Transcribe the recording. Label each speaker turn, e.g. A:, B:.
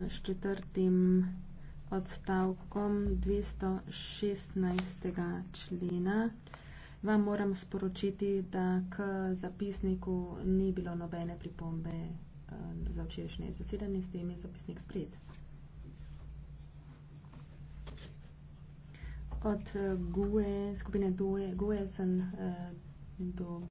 A: s četrtim odstavkom 216. člena. Vam moram sporočiti, da k zapisniku ni bilo nobene pripombe eh, za včerajšnje zasedanje, s tem je zapisnik sprejet. Od eh,
B: GUE, skupine GUE, GUE sem eh, do